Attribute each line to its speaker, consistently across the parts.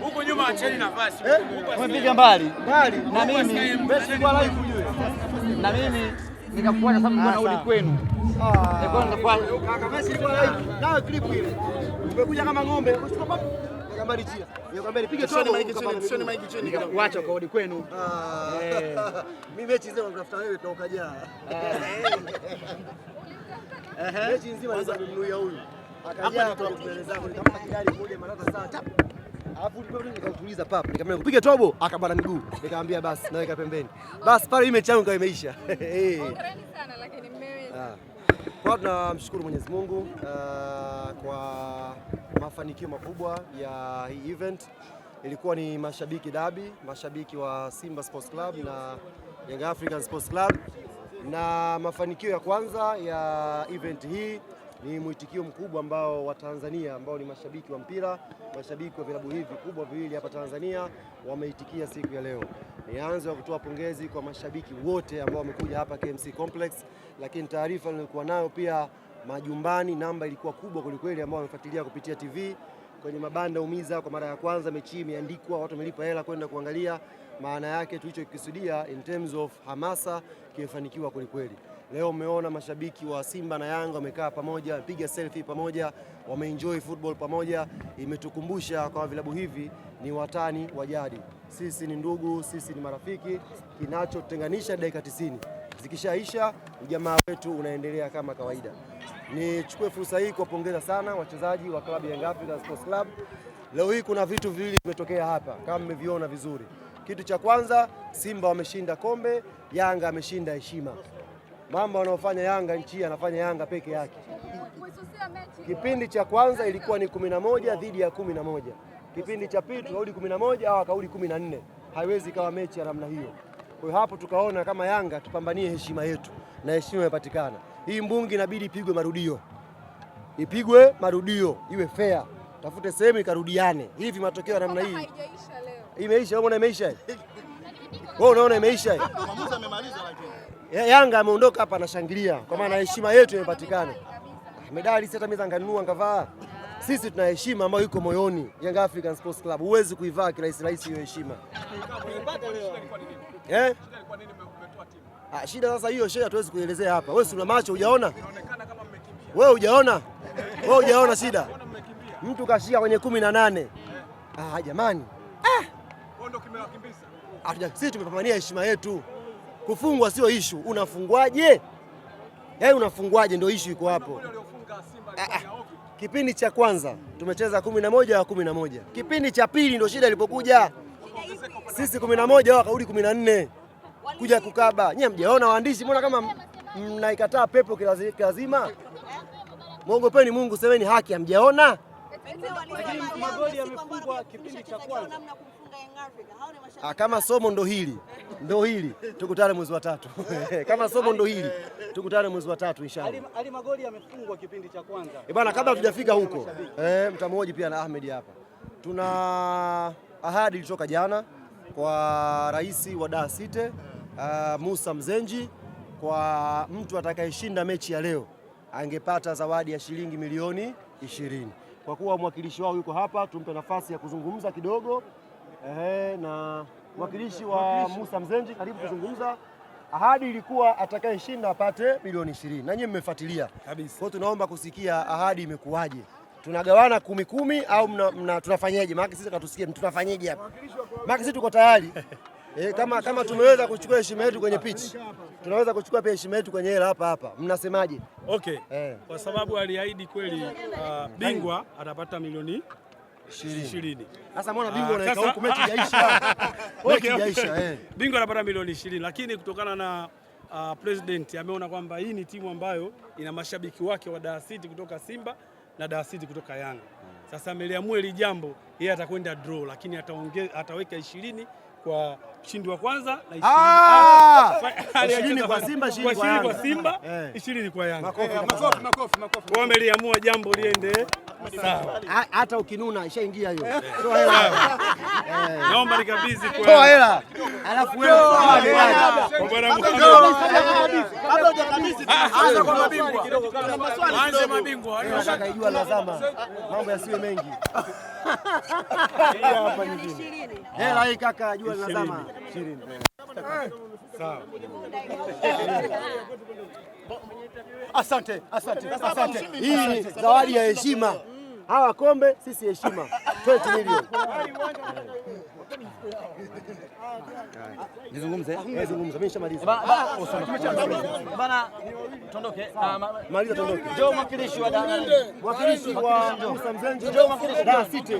Speaker 1: huku
Speaker 2: nyuma acheni nafasi.
Speaker 3: Eh? Umepiga mbali. Mbali. Na mimi na mimi nikafuata sababu narudi kwenu. Ah. clip ile. Umekuja kama ng'ombe. Wacha kaudi kwenu. Ah. Eh. mechi nzima nakutafuta wewe toka jana. Eh. Mechi nzima nilimnuia huyu nikautuliza papa, nikamwambia kupiga tobo, akapanda miguu, nikamwambia basi naweka pembeni, basi pale mechi yangu ikawa imeisha. Eh.
Speaker 4: Ah.
Speaker 5: Kwa tunamshukuru Mwenyezi Mungu uh, kwa mafanikio makubwa ya hii event. Ilikuwa ni mashabiki dabi, mashabiki wa Simba Sports Club na Young African Sports Club, na mafanikio ya kwanza ya event hii ni mwitikio mkubwa ambao Watanzania ambao ni mashabiki wa mpira, mashabiki wa vilabu hivi vikubwa viwili hapa Tanzania wameitikia siku ya leo. Nianze wa kutoa pongezi kwa mashabiki wote ambao wamekuja hapa KMC Complex, lakini taarifa nilikuwa nayo pia majumbani, namba ilikuwa kubwa kwelikweli, ambao wamefuatilia kupitia TV kwenye mabanda umiza. Kwa mara ya kwanza mechi imeandikwa, watu wamelipa hela kwenda kuangalia. Maana yake tulichokikusudia in terms of hamasa kimefanikiwa kwelikweli. Leo umeona mashabiki wa Simba na Yanga wamekaa pamoja, wamepiga selfie pamoja, wameenjoy football pamoja. Imetukumbusha kwa vilabu hivi ni watani wa jadi, sisi ni ndugu, sisi ni marafiki. Kinachotenganisha dakika 90 zikishaisha, ujamaa wetu unaendelea kama kawaida. Nichukue fursa hii kuwapongeza sana wachezaji wa klabu ya Yanga Sports Club. Leo hii kuna vitu viwili vimetokea hapa, kama mmeviona vizuri. Kitu cha kwanza, Simba wameshinda kombe, Yanga ameshinda heshima. Mambo wanaofanya Yanga nchi anafanya Yanga peke yake. Kipindi cha kwanza ilikuwa ni kumi na moja dhidi ya kumi na moja kipindi cha pili tukarudi kumi na moja au akarudi kumi na nne haiwezi kawa mechi ya namna hiyo. Kwa hiyo hapo tukaona kama Yanga tupambanie heshima yetu, na heshima imepatikana. Hii mbungi inabidi ipigwe marudio, ipigwe marudio, iwe fair, tafute sehemu ikarudiane. Hivi matokeo ya namna hii Imeisha wewe imeisha. Wewe unaona imeisha. amemaliza lakini. Yanga ameondoka hapa anashangilia kwa maana heshima yetu imepatikana. Ah, medali sasa mimi zanganunua ngavaa. Sisi tuna heshima ambayo iko moyoni. Young African Sports Club huwezi kuivaa kirahisi rahisi hiyo heshima. Eh? Ah, shida sasa hiyo shida tuwezi kuelezea hapa. Wewe si una macho hujaona? Wewe hujaona? Wewe hujaona shida? Mtu kashika kwenye kumi na nane. Ah, jamani. Ah, sisi tumepambania heshima yetu. Kufungwa sio ishu, unafungwaje? Yaani unafungwaje ndio ishu iko hapo. Ah, ah. Kipindi cha kwanza tumecheza kumi na moja wa kumi na moja. Kipindi cha pili ndio shida ilipokuja, sisi kumi na moja wao kumi na nne kuja kukaba. Nyie mjaona waandishi, mbona kama mnaikataa pepo kilazima? Eh? Mwogopeni Mungu, semeni haki, hamjaona?
Speaker 2: magoli yamefungwa kipindi cha kwanza.
Speaker 4: Ah, kama
Speaker 5: somo ndo hili ndo hili, tukutane mwezi wa tatu. Kama somo ndo hili tukutane mwezi wa tatu inshallah.
Speaker 2: Ali magoli yamefungwa kipindi cha kwanza.
Speaker 5: Eh bwana, kabla ah, hatujafika huko eh, mtamoji pia na Ahmed hapa, tuna ahadi ilitoka jana kwa rais wa Daasite uh, ah, Musa Mzenji kwa mtu atakayeshinda mechi ya leo angepata zawadi ya shilingi milioni ishirini. Kwa kuwa mwakilishi wao yuko hapa, tumpe nafasi ya kuzungumza kidogo. Ehe, na mwakilishi wa Musa Mzenji, karibu kuzungumza. Ahadi ilikuwa atakayeshinda apate milioni ishirini na mmefuatilia kabisa. Kwa tunaomba kusikia ahadi imekuwaje, tunagawana kumi kumi au mna, mna, tunafanyaje? Maana sisi katusikie tunafanyaje hapa, maana sisi tuko tayari e, kama, kama tumeweza kuchukua heshima yetu kwenye pichi tunaweza kuchukua pia heshima yetu kwenye hela hapa hapa, mnasemaje?
Speaker 6: Okay. Eh. Kwa sababu aliahidi kweli, uh, bingwa atapata milioni ishirini.
Speaker 5: Sasa mbona bingwa anaweka ah, huko, mechi haijaisha. Okay,
Speaker 6: haijaisha eh. Bingwa anapata milioni ishirini lakini kutokana na uh, president ameona kwamba hii ni timu ambayo ina mashabiki wake wa Dar City kutoka Simba na Dar City kutoka Yanga sasa ameliamua ile jambo, yeye atakwenda draw, lakini ataweka ishirini kwa mshindi wa kwanza
Speaker 5: na ishirini kwa ah! Simba, ishirini kwa Yanga.
Speaker 2: Makofi, makofi,
Speaker 6: makofi. Wameliamua jambo liende
Speaker 5: sawa, hata ukinuna ishaingia hiyo.
Speaker 6: Eh. naomba
Speaker 5: nikabidhi kwa toa hela, alafu wewe kwa
Speaker 6: bwana kabla
Speaker 2: hujakabidhi, ah, ah. anza kwa mabingwa, kuna maswali
Speaker 5: anze mabingwa, kaijua lazama mambo yasiwe mengi. Hapa nyingine hela hii kaka ajua lazama 20 Asante, asante, asante. Hii ni zawadi ya heshima hawa kombe, sisi heshima. 20 milioni nizungumze, ah, eh, nizungumze, mimi nishamaliza oh,
Speaker 3: bana, tondoke. Ah, Maliza, tondoke. Njoo
Speaker 2: mwakilishi wa Dar. mwakilishi wa Musa Mzenje, njoo mwakilishi wa City.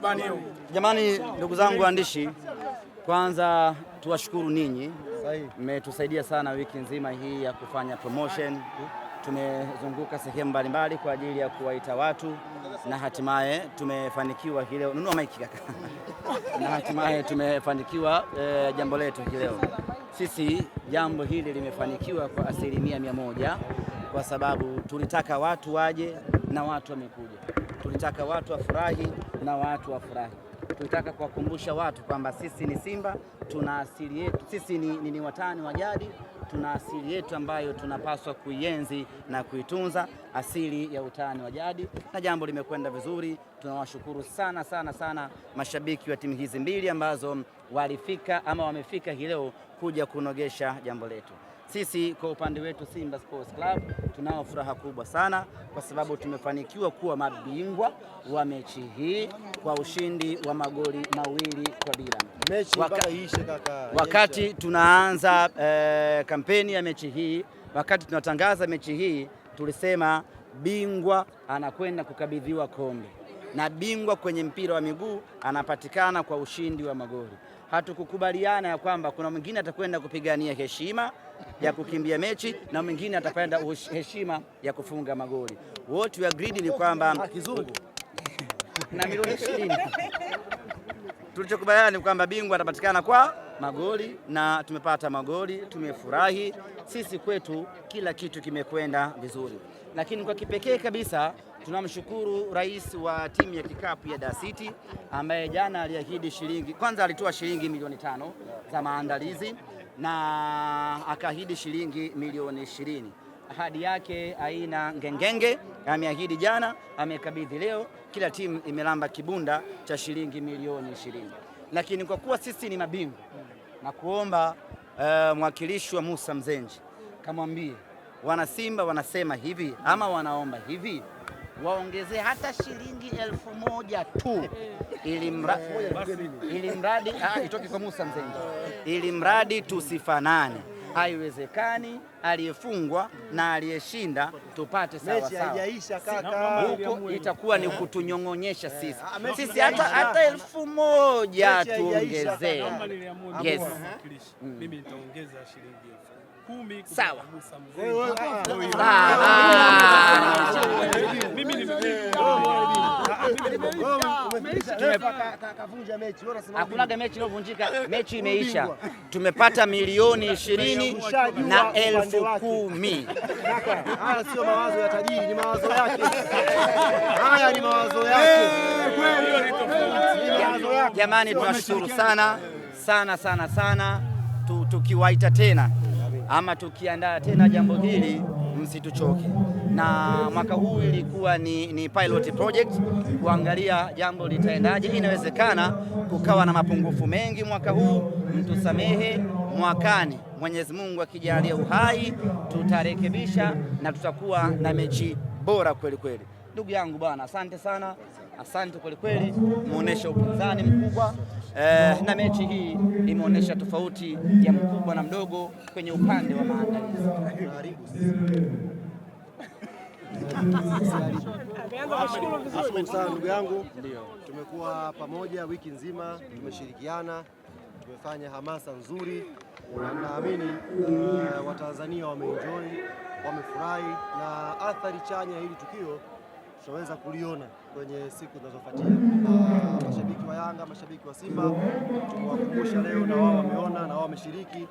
Speaker 2: bana
Speaker 5: Jamani, ndugu zangu waandishi, kwanza tuwashukuru ninyi mmetusaidia sana wiki nzima hii ya kufanya promotion. Tumezunguka sehemu mbalimbali kwa ajili ya kuwaita watu na hatimaye tumefanikiwa hii leo. Nunua maiki kaka. na hatimaye tumefanikiwa eh, jambo letu hii leo. Sisi jambo hili limefanikiwa kwa asilimia mia moja kwa sababu tulitaka watu waje na watu wamekuja, tulitaka watu wafurahi na watu wafurahi tukitaka kuwakumbusha watu kwamba sisi ni Simba, tuna asili yetu, sisi ni, ni, ni watani wa jadi, tuna asili yetu ambayo tunapaswa kuienzi na kuitunza, asili ya utani wa jadi, na jambo limekwenda vizuri. Tunawashukuru sana sana sana mashabiki wa timu hizi mbili ambazo walifika ama wamefika hii leo kuja kunogesha jambo letu. Sisi kwa upande wetu Simba Sports Club tunao furaha kubwa sana kwa sababu tumefanikiwa kuwa mabingwa wa mechi hii kwa ushindi wa magoli mawili kwa bila. Waka, wakati tunaanza eh, kampeni ya mechi hii, wakati tunatangaza mechi hii tulisema bingwa anakwenda kukabidhiwa kombe na bingwa kwenye mpira wa miguu anapatikana kwa ushindi wa magoli. Hatukukubaliana ya kwamba kuna mwingine atakwenda kupigania heshima ya kukimbia mechi na mwingine atapenda heshima ya kufunga magoli. What we agreed ni kwamba ah, kizungu na milioni 20 tulichokubaliana ni kwamba bingwa atapatikana kwa magoli na tumepata magoli, tumefurahi sisi. Kwetu kila kitu kimekwenda vizuri, lakini kwa kipekee kabisa tunamshukuru rais wa timu ya kikapu ya Dar City ambaye jana aliahidi shilingi, kwanza alitoa shilingi milioni tano za maandalizi na akaahidi shilingi milioni ishirini. Ahadi yake haina ngengenge, ameahidi jana, amekabidhi leo, kila timu imelamba kibunda cha shilingi milioni ishirini. Lakini kwa kuwa sisi ni mabingwa na kuomba uh, eh, mwakilishi wa Musa Mzenji kamwambie wana Simba wanasema hivi ama wanaomba hivi waongezee hata shilingi elfu moja tu eh. ili mradi ili mradi ah, itoke kwa Musa Mzenga, ili mradi tusifanane. Haiwezekani aliyefungwa na aliyeshinda tupate sawa
Speaker 2: sawa,
Speaker 5: huko itakuwa ni kutunyong'onyesha sisi ah, sisi. Hata hata elfu moja tuongezee. Yes,
Speaker 2: mm. mimi nitaongeza shilingi
Speaker 5: kumi sawa. Hakunaga mechi iliyovunjika, mechi imeisha. Tumepata milioni ishirini na elfu kumi.
Speaker 2: Haya sio mawazo ya tajiri, ni mawazo yake. Haya ni mawazo yake.
Speaker 5: Jamani, tunashukuru sana sana sana sana, tukiwaita tena ama tukiandaa tena jambo hili msituchoke. Na mwaka huu ilikuwa ni, ni pilot project kuangalia jambo litaendaje. Inawezekana kukawa na mapungufu mengi mwaka huu, mtusamehe. Mwakani Mwenyezi Mungu akijalia uhai, tutarekebisha na tutakuwa na mechi bora kweli kweli. Ndugu yangu bwana, asante sana, asante kweli kweli, muoneshe upinzani mkubwa eh, na mechi hii imeonyesha tofauti ya mkubwa na mdogo kwenye upande wa maandalizi. Asante sana ndugu yangu, tumekuwa pamoja wiki nzima, tumeshirikiana, tumefanya hamasa nzuri, na naamini uh, Watanzania wameenjoy, wamefurahi na athari chanya hili tukio tutaweza kuliona kwenye siku zinazofuatia. Ah, mashabiki wa Yanga, mashabiki wa Simba tumewakumbusha leo, na wao wameona na wao wameshiriki